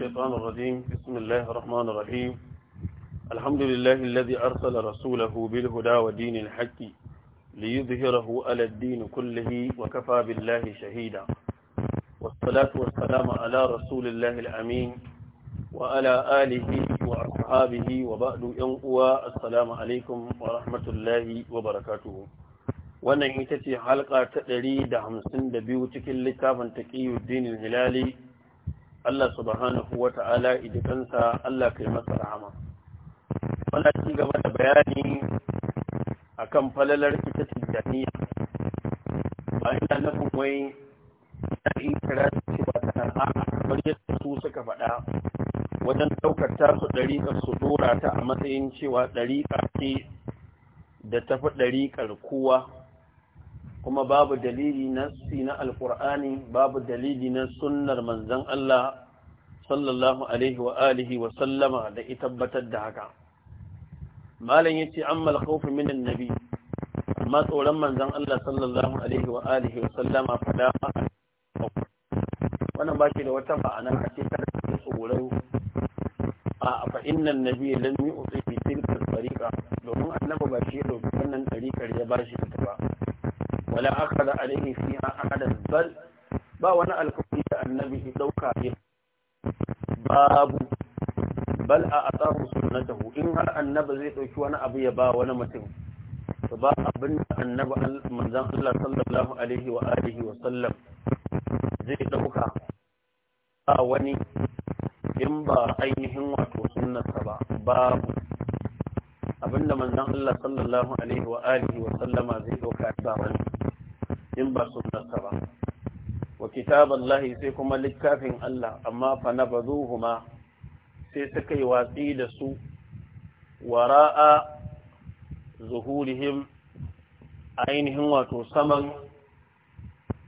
الشيطان الرجيم بسم الله الرحمن الرحيم الحمد لله الذي أرسل رسوله بالهدى ودين الحق ليظهره على الدين كله وكفى بالله شهيدا والصلاة والسلام على رسول الله الأمين وعلى آله وأصحابه وبعد ينقوى السلام عليكم ورحمة الله وبركاته wannan ita ce halka ta 152 اللي littafin taqiyuddin الدين الهلالي Allah subhanahu wa ta'ala idikansa Allah kai masa rahama. Muna cigaba gaba da bayani a kan falalar ita tijjaniya, ba ina nufin wai ta yi kira ba ta a kamar yadda su suka faɗa wajen ɗaukar tasu ɗariƙar su ɗora ta a matsayin cewa ɗariƙa ce da tafi ɗariƙar kowa kuma babu dalili na na alkur'ani babu dalili na sunnar Manzan Allah sallallahu alaihi wa alihi wa sallama da ita tabbatar da haka malam yace amma al-khawf min annabi amma tsoron Manzan Allah sallallahu alaihi wa alihi wa sallama fada wannan ba shi da wata ma'ana a ce kada ka tsoro a fa inna annabi lam yu'ti bi tilka al-tariqa domin annabi ba shi ya da wannan tariqar ya bashi ta ba wala akada alaihi fiha ahadan bal ba wani alƙawari da annabi ya dauka ya babu bal a atahu sunnatahu in har annabi zai dauki wani abu ya ba wani mutum to ba abin da annabi manzon Allah sallallahu alaihi wa sallam zai wani in ba ainihin wato ba babu abinda manzon Allah sallallahu alaihi wa alihi wa sallama zai dauka ba wani in ba sunarsa ba wa lahi sai kuma littafin Allah amma fa bazuhuma sai suka yi watsi da su wara'a zuhurihim ainihin wato saman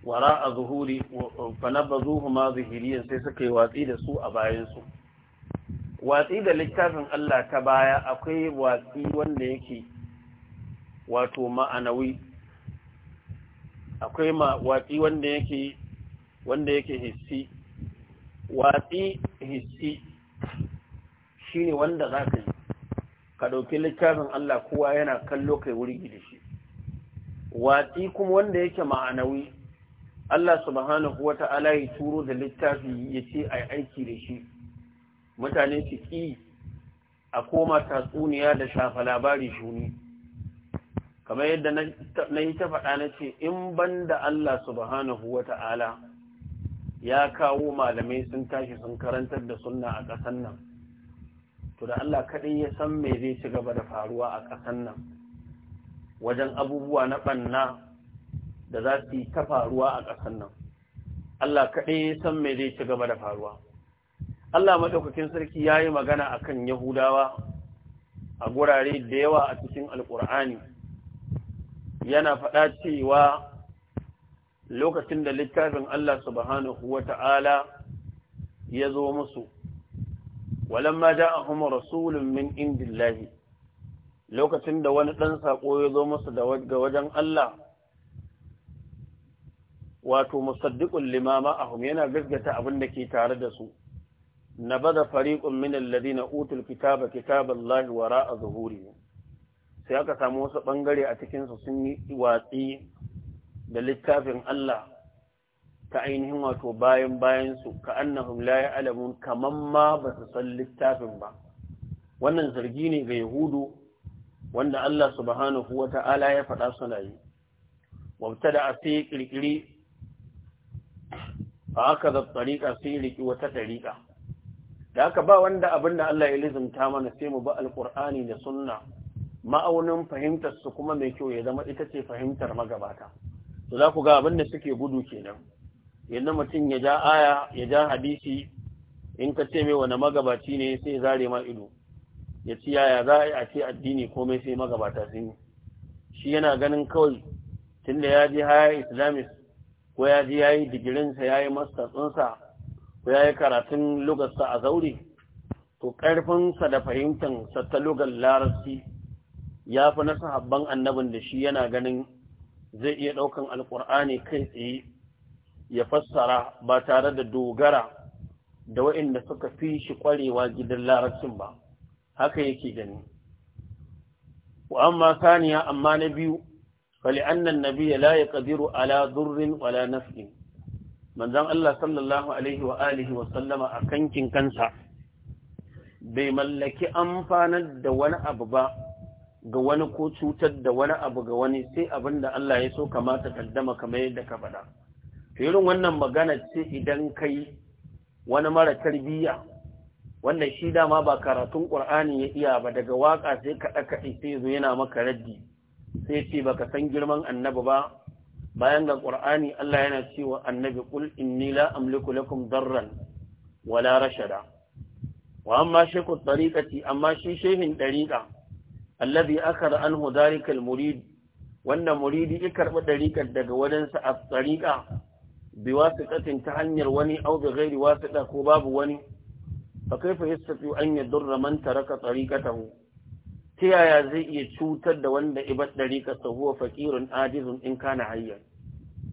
wara'a zuhuri fa bazuhuma zuhiriyan sai suka yi watsi da su a bayansu watsi da littafin Allah ta baya akwai watsi wanda yake wato ma'anawi akwai ma watsi wanda yake wanda yake hissi watsi hissi shine wanda za ka yi ka ɗauki littafin Allah kowa yana kallo kai wuri da shi watsi kuma wanda yake ma'anawi Allah subhanahu wa ta'ala ya turo da littafi ya ce a aiki da shi mutane su ki a koma tatsuniya da shafa labari shuni kamar yadda na yi ta faɗa na ce in ban da Allah subhanahu wa ta'ala ya kawo malamai sun tashi sun karantar da sunna a ƙasar nan to da Allah kaɗai ya san me zai ci gaba da faruwa a ƙasar nan wajen abubuwa na ɓanna da za su yi ta faruwa a ƙasar nan Allah kaɗai ya san me zai ci gaba da faruwa Allah maɗaukakin sarki ya yi magana akan Yahudawa a gurare da yawa a cikin Alƙur'ani yana faɗa cewa lokacin da littafin Allah subhanahu wa ta'ala ya zo musu, walamma ja'ahum rasulun min indillahi lokacin da wani ɗan saƙo ya zo musu ga wajen Allah, wato musaddiƙun limama ahum yana gaskata abin da ke tare da su, na bada fariƙun min na utul kitaba kitaballahi wara a zuhurihim sai aka samu wasu ɓangare a cikinsu sun yi watsi da littafin Allah ta ainihin wato bayan bayansu ka annahum la ya'lamun kaman ma ba su san littafin ba wannan zargi ne ga yahudu wanda Allah subhanahu wata'ala ya faɗa suna yi wabtada sai kirkiri fa aka da tsarika sai riki wata tsarika da aka ba wanda abin da Allah ya lizumta mana sai mu ba alƙur'ani da sunna ma'aunin fahimtar su kuma mai kyau ya zama ita ce fahimtar magabata to za ku ga abin da suke gudu kenan yanzu mutum ya ja aya ya ja hadisi in ka ce mai wani magabaci ne sai zare ma ido ya ci yaya za a yi a ce addini komai sai magabata sun yi shi yana ganin kawai tun da ya ji haya islamis ko ya je ya yi digirinsa ya yi mastarsinsa ko ya yi karatun lugarsa a zaure to ƙarfinsa da fahimtansa ta lugar larabci ya fi na sahabban annabin da shi yana ganin zai iya ɗaukan alƙur'ani kai tsaye ya fassara ba tare da dogara da waɗanda suka fi shi ƙwarewa gidan larabcin ba haka yake gani amma saniya amma na biyu فلأن النبي لا ƙadiru ala ضر ولا نفع Manzan Allah sallallahu alaihi wa alihi wa sallama a kankin kansa bai mallaki amfanar da wani abu ba ga wani ko cutar da wani abu ga wani sai abin da Allah ya so kamata kaddama kamar yadda ka faɗa irin wannan magana ce idan kai wani mara tarbiyya wanda shi dama ba karatun ƙur'ani ya iya ba daga waka sai kaɗa kaɗi sai zo yana maka raddi sai ce baka san girman annabi ba bayan ga ƙur'ani Allah yana cewa annabi ƙul inni la amliku lakum darran wala rashada wa amma shekut tariqati amma shi shehin ɗariƙa alladhi akhadha anhu dhalika al-murid wanda muridi ya karɓi daga wadansa a tsariƙa bi wasiƙatin ta hanyar wani au bi gairi wasiƙa ko babu wani fa kaifa yastati an yadurra man taraka tariqatahu ta yaya zai iya cutar da wanda ibar ɗariƙar sa huwa faqirun ajizun in kana hayyan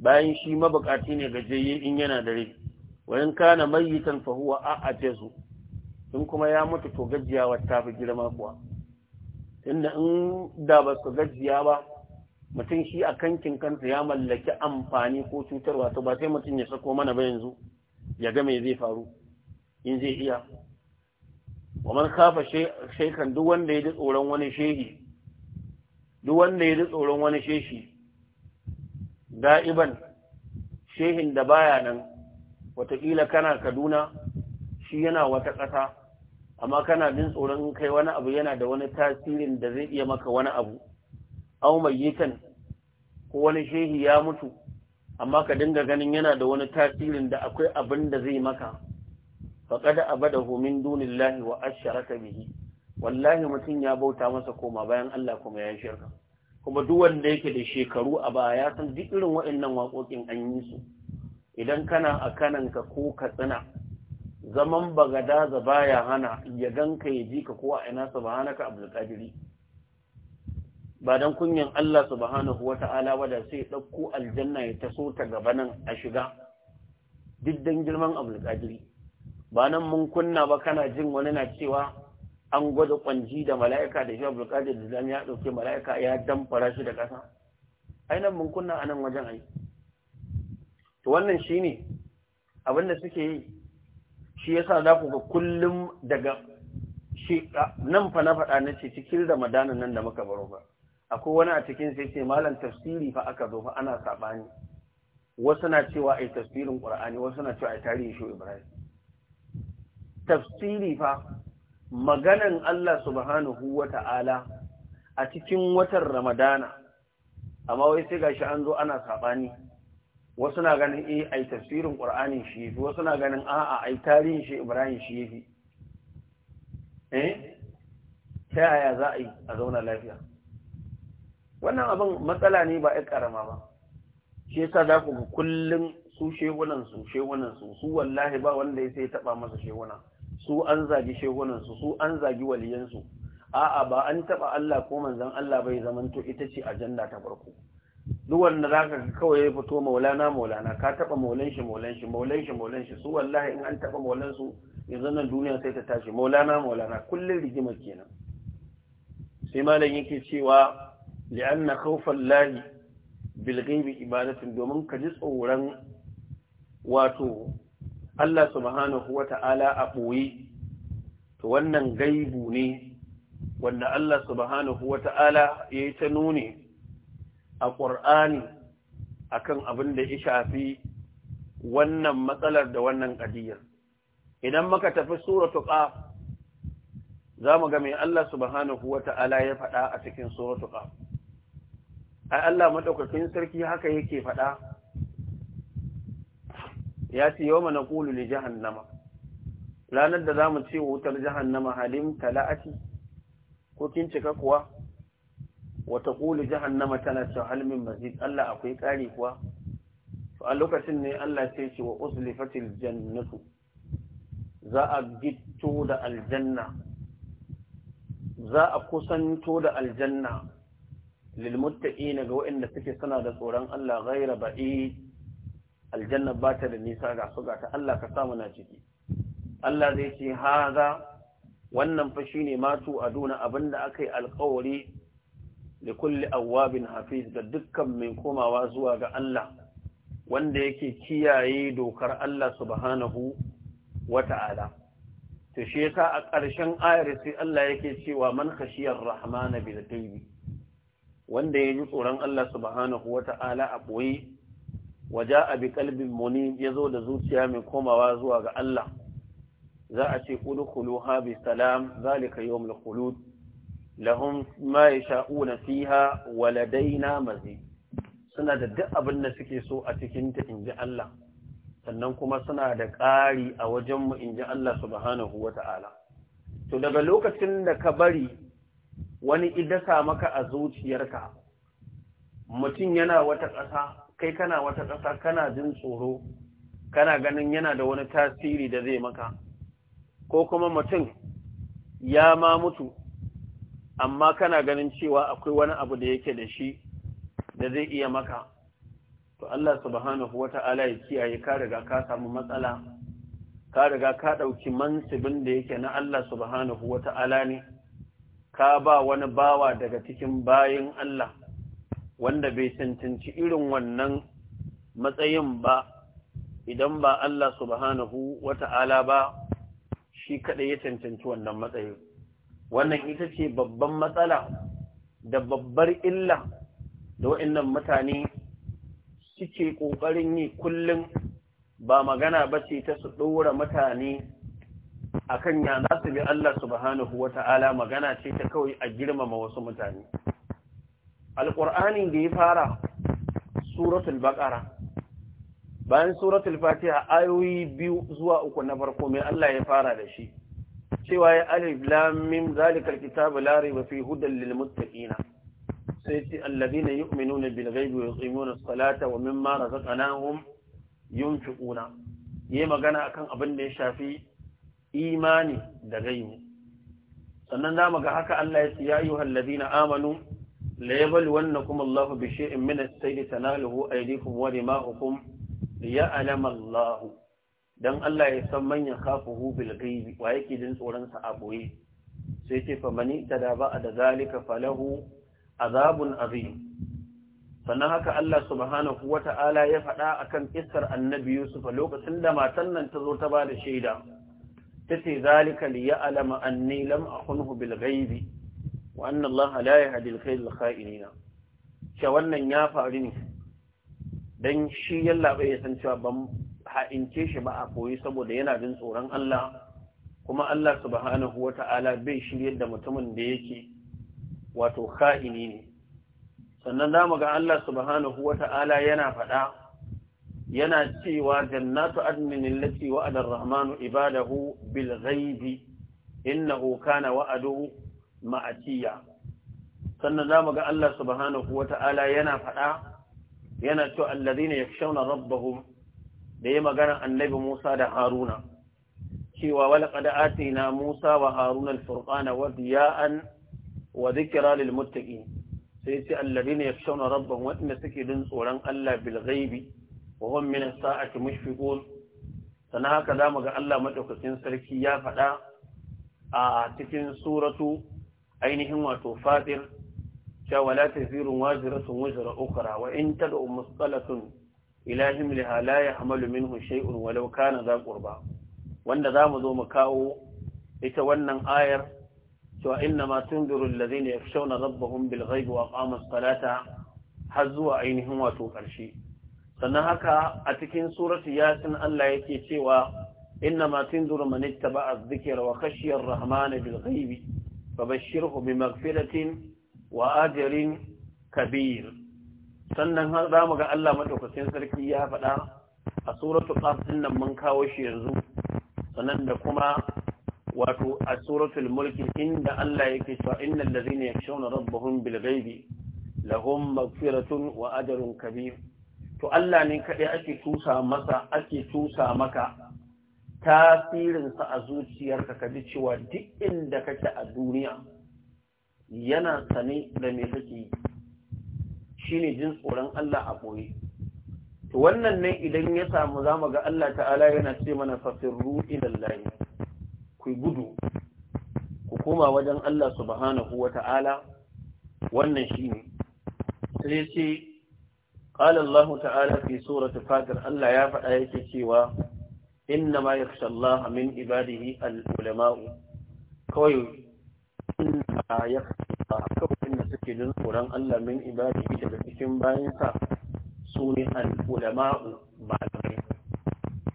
bayan shi mabukaci ne gajeye in yana da rai wa kana mayitan fa huwa in kuma ya mutu to gajiyawa ta fi girma kuwa Tunda in da ba su gajiya ba mutum shi a kankin kansa ya mallaki amfani ko cutarwa to ba sai mutum ya sako mana ba yanzu ya ga me zai faru in zai iya wa man kafa shaykan duk wanda ya ji tsoron wani shehi duk wanda ya ji tsoron wani sheshi da'iban shehin da baya nan wataƙila kana kaduna shi yana wata ƙasa amma kana jin tsoron kai wani abu yana da wani tasirin da zai iya maka wani abu aw mayyitan ko wani shehi ya mutu amma ka dinga ganin yana da wani tasirin da akwai abin da zai maka abada hu min dunillahi wa asharaka bihi wallahi mutum ya bauta masa koma bayan Allah kuma ya shirka kuma duk wanda yake da shekaru a baya ya san duk irin waɗannan waƙoƙin an yi su idan kana a kananka ko ka tsina zaman bagadaza baya hana ya ganka ya ji ka kowa ina subhanaka abdul qadiri ba dan kunyan Allah subhanahu wata'ala ba da sai dauko aljanna ya taso ta gaba nan a shiga duk dan girman abdul qadiri ba nan mun kunna ba kana jin wani na cewa an gwada kwanji da mala'ika da shi qadir da ya dauke mala'ika ya damfara shi da kasa ai nan mun kunna anan wajen ai to wannan shine abinda suke yi shi yasa za ku ga kullum daga shi nan fa na faɗa na ce cikin ramadanin nan da muka baro ba akwai wani a cikin sai ce malam tafsiri fa aka zo fa ana saɓani wasu na cewa ai tafsirin qur'ani wasu na cewa ai tarihin shi ibrahim tafsiri fa maganan Allah subhanahu wata'ala a cikin watan ramadana amma wai sai gashi an zo ana saɓani wasu na ganin eh ai tafsirin qur'anin shi yafi wasu na ganin A a ai tarihin shi ibrahim shi yafi eh ta yaya za a yi a zauna lafiya wannan abin matsala ne ba ya karama ba shi yasa za ku kullum su shegunan su shegunan su su wallahi ba wanda ya sai taba masa sheguna su an zagi shegunan su su an zagi waliyansu, a'a ba an taba Allah ko manzon Allah bai zamanto ita ce ajanda ta farko duk wanda za ka kawai ya fito maulana maulana ka taɓa maulan shi maulan shi maulan shi maulan shi su wallahi in an taɓa maulan su yanzu nan duniya sai ta tashi maulana maulana kullum rigima kenan sai malam yake cewa li'anna khawfan lahi bil ghaibi ibadatin domin ka ji tsoron wato Allah subhanahu wata'ala a boye to wannan gaibu ne wanda Allah subhanahu wata'ala yayi ta nuni a ƙur'ani akan abin da ya shafi wannan matsalar da wannan ƙadiyar idan muka tafi suratu qaf za mu ga mai Allah subhanahu wata'ala ya faɗa a cikin suratu qaf ai Allah madaukakin sarki haka yake faɗa ya ce yawma naqulu li jahannama ranar da za mu ce wutar jahannama halim tala'ati ko kin cika kuwa wata ƙulu jahannama tana cewa halmin mazid Allah akwai ƙari kuwa to a lokacin ne Allah ce ce wa uslifatil jannatu za a gitto da aljanna za a kusanto da aljanna lil muttaqina ga waɗanda suke suna da tsoron Allah ghaira ba'i aljanna ba ta da nisa ga su ga ta Allah ka samu na ciki Allah zai ce haza wannan fa shine matu aduna abinda akai alƙawari da kulli awwabin hafiz da dukkan mai komawa zuwa ga Allah wanda yake kiyaye dokar Allah subhanahu wata'ala to shi yasa a ƙarshen ayar sai Allah yake cewa man khashiyar rahmana bil ghaibi wanda ji tsoron Allah subhanahu wata'ala a boye waja'a bi qalbin ya yazo da zuciya mai komawa zuwa ga Allah za a ce kulu bi salam zalika yom khulud lahum ma yasha'una fiha na, mazid suna da duk abin da suke so a cikin ta inji Allah sannan kuma suna da ƙari a wajenmu inji Allah subhanahu wata'ala to daga lokacin da ka bari wani idasa maka a zuciyarka mutum yana wata ƙasa kai kana wata ƙasa kana jin tsoro kana ganin yana da wani tasiri da zai maka ko kuma mutum ya ma mutu amma kana ganin cewa akwai wani abu da yake da shi da zai iya maka to Allah subhanahu wata'ala ya kiyaye ka riga ka samu matsala ka riga ka ɗauki mansibin da yake na Allah subhanahu wata'ala ne ka ba wani bawa daga cikin bayin Allah wanda bai cancanci irin wannan matsayin ba idan ba Allah subhanahu wata'ala ba shi kaɗai ya cancanci wannan matsayin wannan ita ce babban matsala da babbar illa da waɗannan mutane suke ƙoƙarin yi kullum ba magana ba ce ta su ɗora mutane a kan yana su bi Allah subhanahu wa ta'ala magana ce ta kawai a girmama wasu mutane. Alƙur'ani da ya fara suratul baƙara bayan suratul fatiha ayoyi biyu zuwa uku na farko mai Allah ya fara da shi. cewa ya alif lam mim zalikal kitabu la fi hudan lil muttaqina sai ce alladhina yu'minuna bil ghaibi wa yuqimuna as-salata wa mimma razaqnahum yunfiquna yayi magana akan abin da ya shafi imani da gaibi sannan zamu ga haka Allah ya ce ya ayyuhal ladina amanu la yabluwannakum Allahu bi shay'in min as-sayyi tanaluhu aydikum wa rimahukum liya'lama Allahu dan Allah ya san manyan kafin bil gaibi wa yake jin tsoron sa a boye sai ce fa mani tada ba da zalika falahu azabun azim sannan haka Allah subhanahu wata'ala ya faɗa akan issar annabi Yusuf lokacin da matan nan ta zo ta ba da shaida tace zalika li ya'lama anni lam akhunhu bil ghaibi wa anna Allah la yahdi al khayl al kha'inina wannan ya faru ne dan shi yalla bai san cewa ban ha'ince shi ba a koyi saboda yana jin tsoron Allah kuma Allah subhanahu wa ta'ala bai shirya da mutumin da yake wato ka'ini ne sannan za mu ga Allah subhanahu wa ta'ala yana faɗa yana cewa jannatu adminin lati wa'adar rahmanu ibadahu bil ghaibi innahu kana wa'aduhu ma'atiya sannan za mu ga Allah subhanahu wa ta'ala yana faɗa yana cewa allazina yakshawna rabbahum da ya magana annabi Musa da Haruna cewa walaqad atina Musa wa Haruna al-furqana wa diya'an wa dhikra lil muttaqin sai ce alladhina yakhshawna rabbahum wa suke din tsoron Allah bil ghaibi wa hum min as-sa'ati mushfiqun sana haka zamu ga Allah madaukakin sarki ya faɗa a cikin suratu ainihin wato Fatir cewa la tazirun waziratun wazra ukhra wa in tad'u musqalatun ila himliha la yahmalu minhu shay'un walau kana za qurba wanda zamu zo mu kawo ita wannan ayar cewa inna ma tunziru alladhina yakhshawna rabbahum bil ghaibi wa aqamu as-salata har zuwa ainihin wato ƙarshe sannan haka a cikin suratu yasin Allah yake cewa inna ma tunziru man ittaba'a adh wa khashiya ar-rahmana bil ghaibi fabashshirhu bi maghfiratin wa ajrin kabir sannan har za mu ga Allah madaukakin sarki ya faɗa a suratu qaf din nan mun kawo shi yanzu sannan da kuma wato a suratul mulki inda Allah yake cewa innal ladzina yakshawna rabbahum bil ghaibi lahum maghfiratun wa ajrun kabir to Allah ne kaɗai ake tusa masa ake tusa maka tasirinsa a zuciyarka ka ji cewa duk inda kake a duniya yana sane da me kake yi shine jin tsoron Allah a boye To wannan ne idan ya samu zamu ga Allah ta'ala yana ce mana fasirru ilallahi, ku gudu, ku koma wajen Allah subhanahu Wata'ala. wannan shi ne. Sai yace ƙalar Allah ta'ala fi suratu fatar Allah ya faɗa yake cewa, inna ma yaksha Allah min ibadihi al'ulama'u, kawai inna ya kawai suke jin tsoron Allah min ibadihi daga cikin bayansa su ne al-ulama'u malamai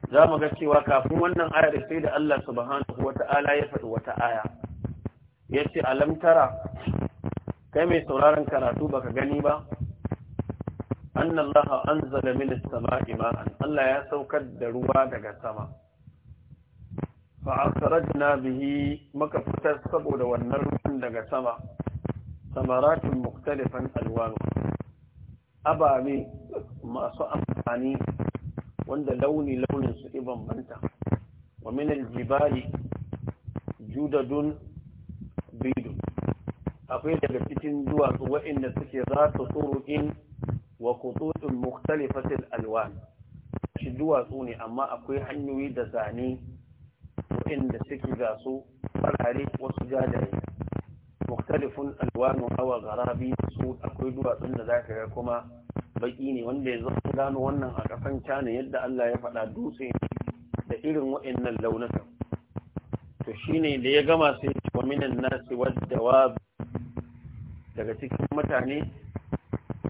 za mu ga cewa kafin wannan aya da sai da Allah subhanahu wata'ala ya faɗi wata aya yace alamtara? tara kai mai sauraron karatu baka gani ba أن الله أنزل من السماء ماء الله يسوك الدروا na السماء maka fitar saboda wannan والنرون daga sama. samaratun muktalifan alwanu ababe masu amfani wanda launi launin su iban banta wa min judadun bidun akwai daga cikin duwatsu waɗanda suke za su turukin wa kututun muktalifatil alwan shi duwatsu ne amma akwai hanyoyi da zane waɗanda suke gasu farare wasu jajaye muktalifun alwanu hawa garabi su akwai duwatsun da zaka ga kuma baki ne wanda ya zama gano wannan a kasan cana yadda Allah ya faɗa dutse da irin waɗannan launukan to shine da ya gama sai wa minan nasi wadda daga cikin mutane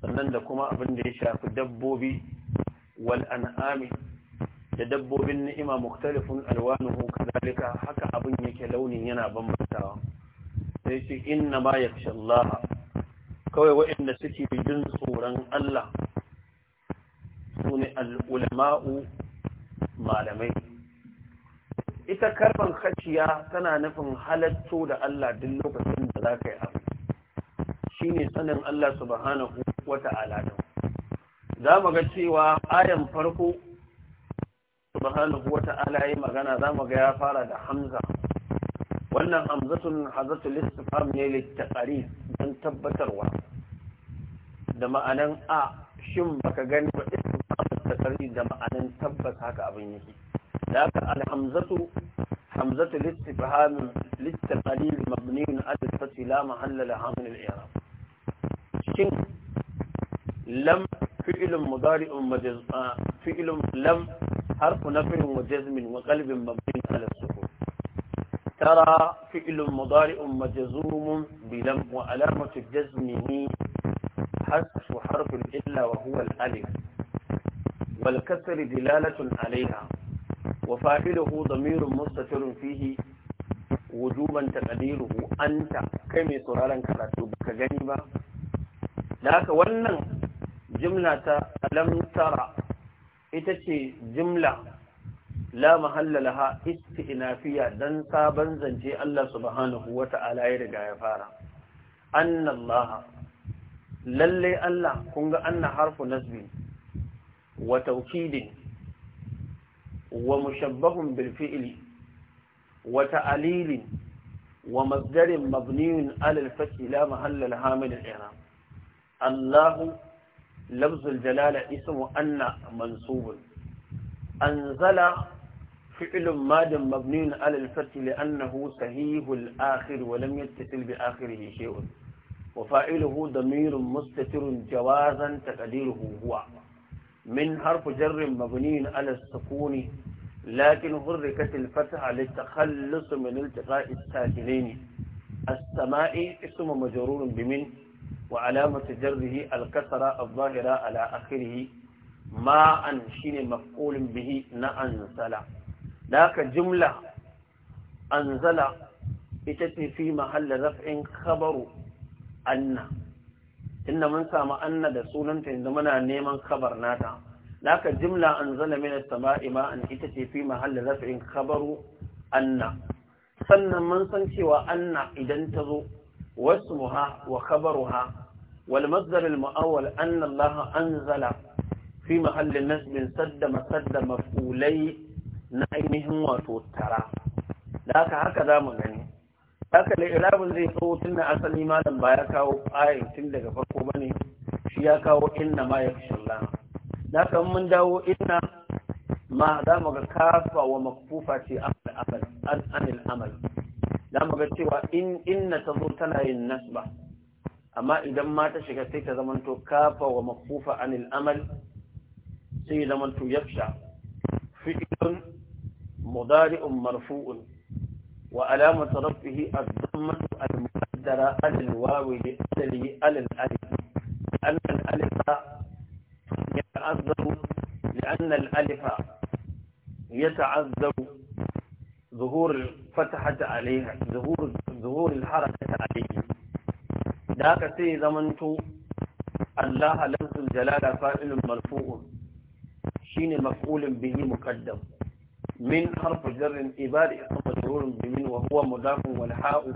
sannan da kuma abin da ya shafi dabbobi wal an'ami da dabbobin ni'ima muktalifun alwanuhu kadalika haka abin yake launin yana bambantawa sai ce inna ma yakhsha Allah kawai waɗanda suke jin tsoron Allah su ne al’ulama’u malamai ita karban kaciya tana nufin halatto da Allah duk lokacin da za ka yi abu ne sanin Allah subhanahu wa ta'ala za mu ga cewa ayan farko subhanahu wa ta'ala yi magana za mu ga ya fara da hamza wannan hamzatun hazatul istifham ne littaqari dan tabbatarwa da ma'anan a shin baka gani ba istifham littaqari da ma'anan tabbas haka abin yake da haka alhamzatu hamzatul istifham littaqari mabniun ala fath la mahalla laha min al-i'rab shin lam fi'l mudari' majaz fi'l lam harfu nafin wa jazmin wa qalbin mabniun ala sukun ترى فعل مضارع مجزوم بلم وعلامة جزمه حذف حرف الإلا وهو الألف والكسر دلالة عليها وفاعله ضمير مستتر فيه wujuban taqdiruhu anta kai mai sauraron karatu ka gani ba haka wannan jimla ta al'amtara, ita ce jimla la mahalla istinafiya dan sabon zance Allah subhanahu wata'ala ya riga ya fara anna Allah lalle Allah kun ga anna harfu nasbi wa tawkidin wa mushabbahun bil fi'li wa ta'lilin wa masdarin mabniyun ala al fath la mahalla laha min al i'rab Allah لفظ الجلالة اسم أن فعل ماد مبني على الفتح لأنه صحيح الآخر ولم يتصل بآخره شيء وفاعله ضمير مستتر جوازا تقديره هو من حرف جر مبني على السكون لكن حركت الفتحة للتخلص من التقاء الساكنين السماء اسم مجرور بمن وعلامة جره الكسرة الظاهرة على آخره ما أن شين مفعول به نأن سلام da haka jimla an zala ita ce fi mahalla zafin kabaru, anna inda mun samu anna da sunanta yanzu muna neman khabar nata da haka jimla an zala as-sama'i ma'an ita ce fi mahalla zafin kabaru, anna sannan mun san cewa anna idan ta zo wasu wasmuha wa khabaruha wal masdar al mu'awwal anna Allah anzala fi mahall nasb sadda masadda maf'ulai na ainihin wato tara da haka haka za mu gani haka da irabin zai tsawo tun da asali malam ba ya kawo ayin tun daga farko ba ne shi ya kawo inna ma ya fi da haka mun dawo inna ma za mu ga kafa wa makufa ce anil amal za mu ga cewa in inna ta zo tana yin nasba amma idan ma ta shiga sai ta zamanto kafa wa makufa anil amal sai ya zamanto yafsha fi'ilun مضارع مرفوع وعلامة رفعه الضمة المقدرة على الواو لأسله على الألف لأن الألف يتعذر لأن الألف يتعذر ظهور الفتحة عليها ظهور ظهور الحركة عليه ذاك سي زمنت الله لفظ الجلالة فاعل مرفوع شين مفعول به مقدم من حرف جر عبارة مجرور بمن وهو مضاف والحاء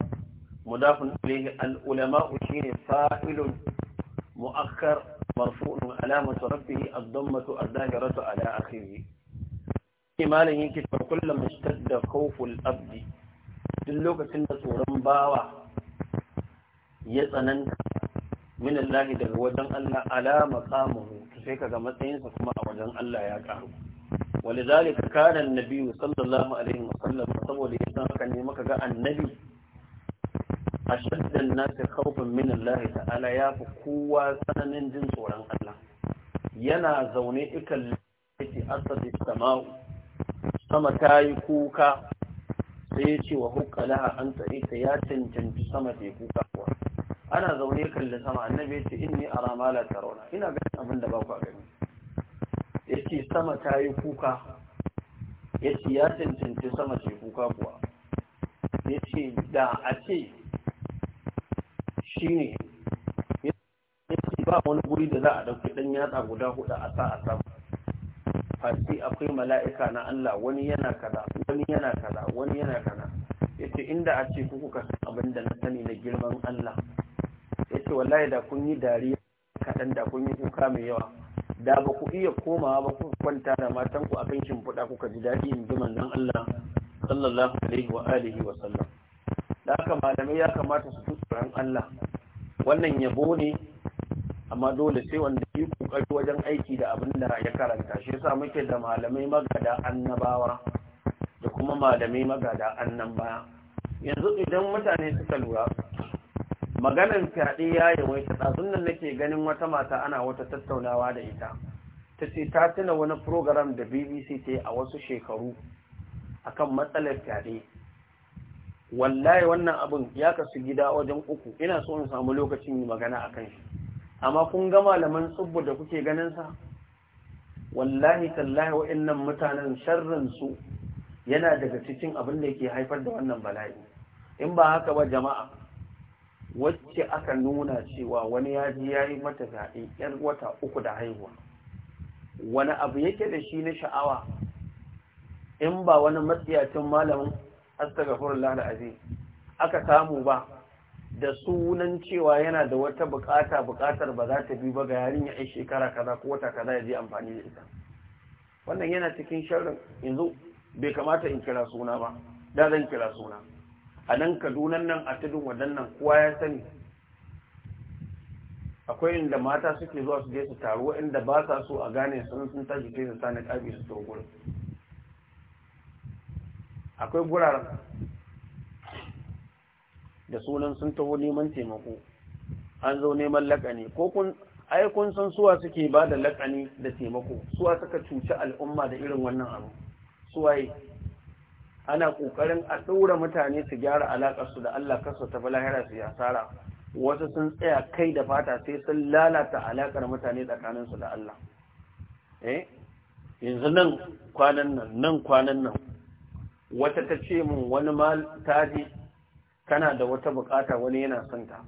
مضاف إليه العلماء شين فاعل مؤخر مرفوع علامة ربه الضمة الظاهرة على آخره إيمانا ينكتب كلما اشتد خوف الأبد تلوك سنة رمباوة يتنن من الله دغ وجن الله على مقامه فيك كما تنسى كما وجن الله يا كارو ولذلك كان النبي صلى الله عليه وسلم saboda ya san haka ne maka ga annabi ashaddan nasi khawfan min Allah ta'ala ya fi kowa tsananin jin tsoron Allah yana zaune ikan lati asadi sama'u sama ta yi kuka sai ya ce wa hukkalaha an tsarita ya cancanci sama ta yi kuka ana zaune kalli sama annabi ya ce inni ara ina ganin abin da ba ya ce sama ta yi kuka ya ce ya cancanci sama ce kuka kuwa ya ce da a ce shi ne ya ce ba wani guri da za a ɗauki ɗan yatsa guda hudu a sa a sama fasi akwai mala'ika na Allah wani yana kaza wani yana kaza wani yana kaza ya ce inda a ce kuka san abin da na sani na girman Allah ya ce wallahi da kun yi dariya kaɗan da kun yi kuka mai yawa da ba ku iya komawa ba ku kwanta da matan ku akan shimfiɗa kuka ji daɗi in ji manzon Allah sallallahu alaihi wa alihi wa sallam da haka malamai ya kamata su tsoron Allah wannan yabo ne amma dole sai wanda yi kokari wajen aiki da abin da ya karanta shi yasa muke da malamai magada annabawa da kuma malamai magada annan baya yanzu idan mutane suka lura maganan fyaɗe ya yi yawaita ɗazun nan nake ganin wata mata ana wata tattaunawa da ita ta ce ta tuna wani program da bbc ta yi a wasu shekaru akan matsalar fyaɗe wallahi wannan abin ya kasu gida wajen uku ina so in samu lokacin yi magana akan shi amma kun ga malaman tsubbu da kuke ganin sa wallahi tallahi wa'annan mutanen sharrin su yana daga cikin abin da yake haifar da wannan bala'i in ba haka ba jama'a wacce aka nuna cewa wani ya ji ya yi mata fyaɗe ‘yan wata uku da haihuwa wani abu yake da shi na sha'awa in ba wani matsiyacin malamin astagfirullah da azim aka samu ba da sunan cewa yana da wata bukata bukatar ba za ta bi ba ga yarin ya shekara kaza ko wata kaza ya je amfani da ita wannan yana cikin sharrin yanzu bai kamata in kira suna ba da zan kira suna a nan kadunan nan a tudun waɗannan kowa ya sani akwai inda mata suke zuwa su je su taru inda ba sa so a gane sun sun tashi sai su sani ƙabi su tsohon gurin akwai guraren da sunan sun taho neman taimako an zo neman laƙani ko kun ai kun san suwa suke ba da laƙani da taimako suwa suka cuci al'umma da irin wannan abu suwaye ana ƙoƙarin a ɗora mutane su gyara alaƙarsu da Allah kasu ta lahira su yi asara wasu sun tsaya kai da fata sai sun lalata alaƙar mutane tsakaninsu da Allah eh yanzu nan kwanan nan nan kwanan nan wata ta ce min wani ma taji tana da wata bukata wani yana santa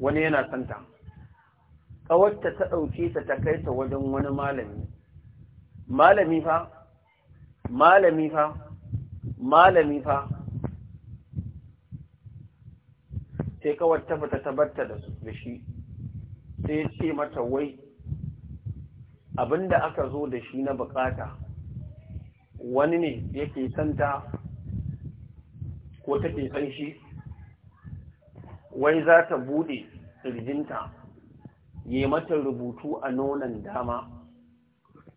wani yana santa kawarta ta ɗauke ta ta kai ta wajen wani malami malami fa malami fa malami fa sai kawai ta tabbata da shi sai ya ce mata wai abinda aka zo da shi na bukata wani ne yake santa ko take san shi wai za ta bude kirjinta yi mata rubutu a nonon dama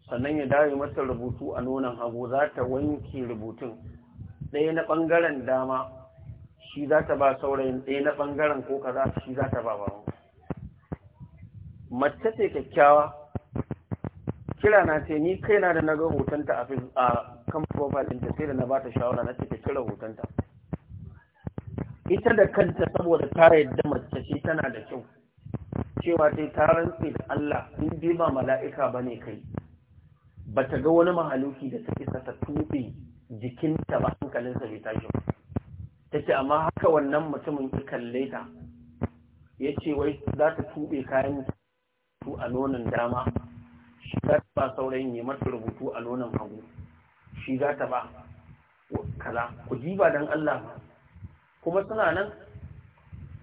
sannan ya dawo mata rubutu a nonon hagu za ta wanke rubutun ɗaya na ɓangaren dama shi za ta ba saurayin ɗaya na ɓangaren ko kaza shi za ta ba mace ce kyakkyawa kira na ce ni kai na da na ga hotonta a kan profile ɗinta sai da na ba ta shawara na ce ta kira hotonta ita da kanta saboda ta yadda mace ce tana da kyau cewa dai ta rantse da Allah in dai ba mala'ika ba ne kai ba ta ga wani mahaluki da ta isa ta tuɓe jikinta ba hankalinsa bai tashi ba ta ce amma haka wannan mutumin ya kalle ta ya ce wai za ta tube kayan su a nonon dama shi za ta ba saurayin ya mata rubutu a nonon hagu shi za ta ba kaza ku ji ba don Allah ba. kuma suna nan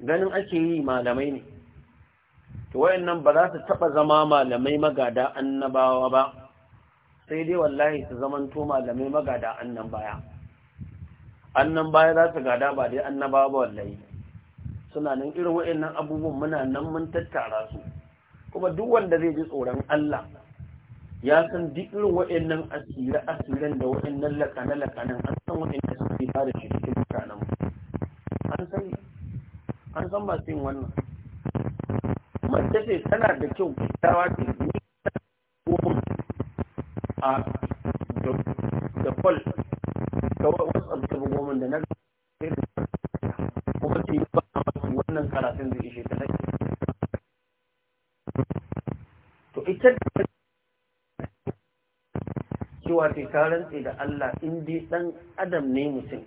ganin ake yi malamai ne to wayannan ba za su taba zama malamai magada annabawa ba sai dai wallahi su zamanto malamai magada annan baya annan baya za su gada ba dai annaba ba wallahi suna nan irin wa'annan abubuwan muna nan mun tattara su kuma duk wanda zai ji tsoron Allah ya san duk irin wa'annan asira asiran da wa'annan lakana lakanan an san wa'annan su ba da shi cikin mutanen an san an san ba yin wannan mace ce tana da kyau kyakkyawa ce ni a da kwal ta wasu alkabin goma da na kuma ce ba a wannan karatun zai ishe ta nake to ita da cewa ce ta rantse da Allah in dai dan adam ne mutum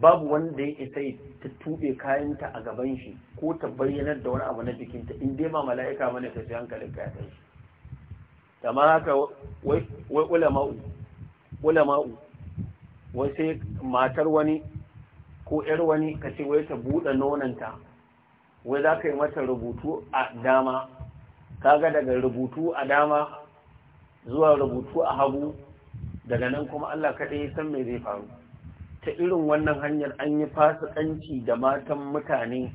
babu wanda ya isa ta tuɓe kayanta a gaban shi ko ta bayyanar da wani abu na jikinta in dai ma mala'ika mana ta hankalin kayan shi kamar haka wai ulama'u ulama'u wai sai matar wani ko ‘yar wani ka ce wai ta buɗe nonanta wai za ka yi mata rubutu a dama kaga daga rubutu a dama zuwa rubutu a hagu daga nan kuma Allah kaɗai ya san me zai faru ta irin wannan hanyar an yi fasikanci da matan mutane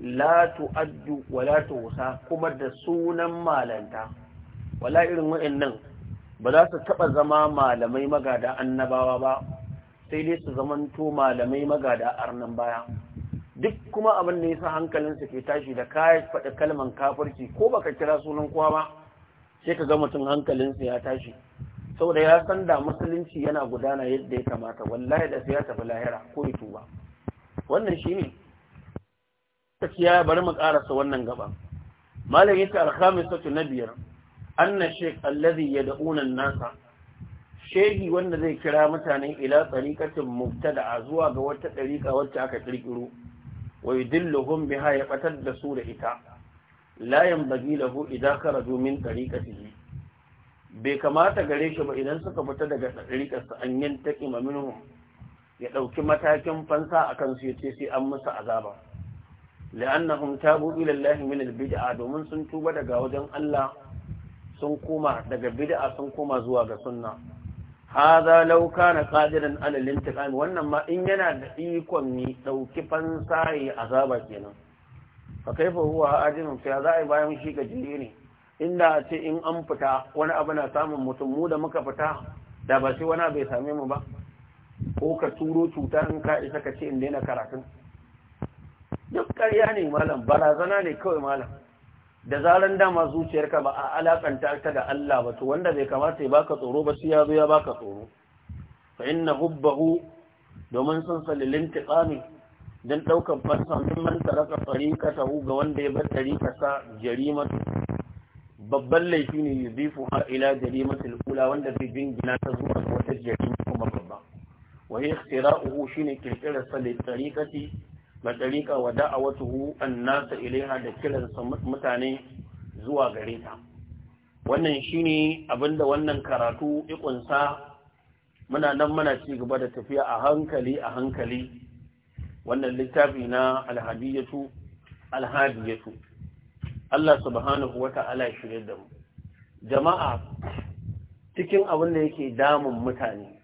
la tu'addu wa la tusa kuma da sunan malanta wala irin wa'annan ba za su taɓa zama malamai magada annabawa ba sai dai su zamanto malamai magada arnan baya duk kuma abin da yasa hankalinsa ke tashi da kayan faɗi kalman kafirci ko baka kira sunan kowa ba sai ka ga mutum hankalinsa ya tashi saboda ya san da musulunci yana gudana yadda ya kamata wallahi da sai ya tafi lahira ko ya tuba wannan shine tafiya bari mu karasa wannan gaba malam yace al-khamisatu na biyar anna shaykh alladhi yad'una an-nasa shehi wanda zai kira mutane ila tariqatin mubtada'a zuwa ga wata tariqa wacce aka kirkiro wa yudilluhum biha ya batar da su da ita la yanbaghi lahu idza kharaju min tariqatihi bai kamata gare shi ba idan suka fita daga tariqarsa an yantaki minhum ya dauki matakin fansa akan su yace sai an musu azaba la'annahum tabu ila Allah min al-bid'a domin sun tuba daga wajen Allah sun koma daga bid'a sun koma zuwa ga sunna hadha law kana qadiran ala al-intiqam wannan ma in yana da ikon ni dauki fansaye azaba kenan fa kaifa huwa ajinun fi za bayan shi ga jini ne inda a ce in an fita wani abu na samun mutum mu da muka fita da ba shi wani bai same mu ba ko ka turo cuta in ka isa ka ce in daina karatun duk ƙarya ne malam barazana ne kawai malam da zaran dama zuciyarka ba a alakanta ta da Allah ba to wanda bai kamata ya baka tsoro ba sai ya zo ya baka tsoro fa inna hubbahu domin sun salilin tiqami dan daukan farsa mun man taraka tariqatahu ga wanda ya bar sa jarima babban laifi ne yudifu har ila jarimatul ula wanda zai jingina ta zuwa wata jarima kuma babba wa ikhtira'uhu shine kirkirar sa tariqati na ɗariƙa wa da'awatuhu nasa ilaiha da kiransa mutane zuwa gare ta wannan shine abinda wannan karatu ikunsa muna nan muna ci gaba da tafiya a hankali a hankali wannan littafi na alhadiyatu alhadiyatu Allah subhanahu wata'ala ya shirye da mu jama'a cikin abin da yake damun mutane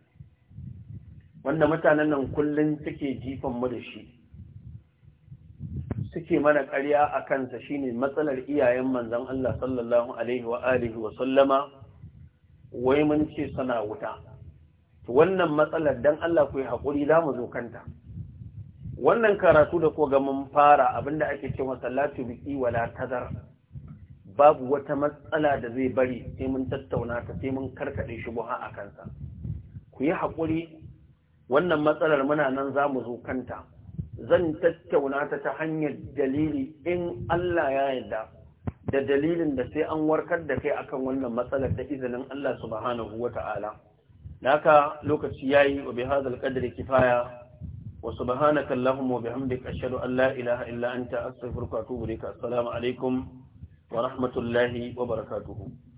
wanda mutanen nan kullum suke jifan mu da shi suke mana ƙarya a kansa shine matsalar iyayen manzon Allah sallallahu alaihi wa alihi wa sallama wai mun ce sana wuta wannan matsalar don Allah ku yi haƙuri za mu zo kanta wannan karatu da ko mun fara abinda ake ce sallatu biki wala tazar babu wata matsala da zai bari sai mun tattauna ta sai mun karkaɗe shi buha a kansa ku yi haƙuri. wannan matsalar muna nan za mu zo kanta zan tattauna ta ta hanyar dalili in Allah ya yarda da dalilin da sai an warkar da kai akan wannan matsalar da izinin Allah subhanahu wata'ala naka lokaci yayi wa bi hadzal qadri kifaya wa subhanaka allahumma wa bihamdika ashhadu an la ilaha illa anta astaghfiruka wa atubu ilaik assalamu alaikum wa rahmatullahi wa barakatuhu.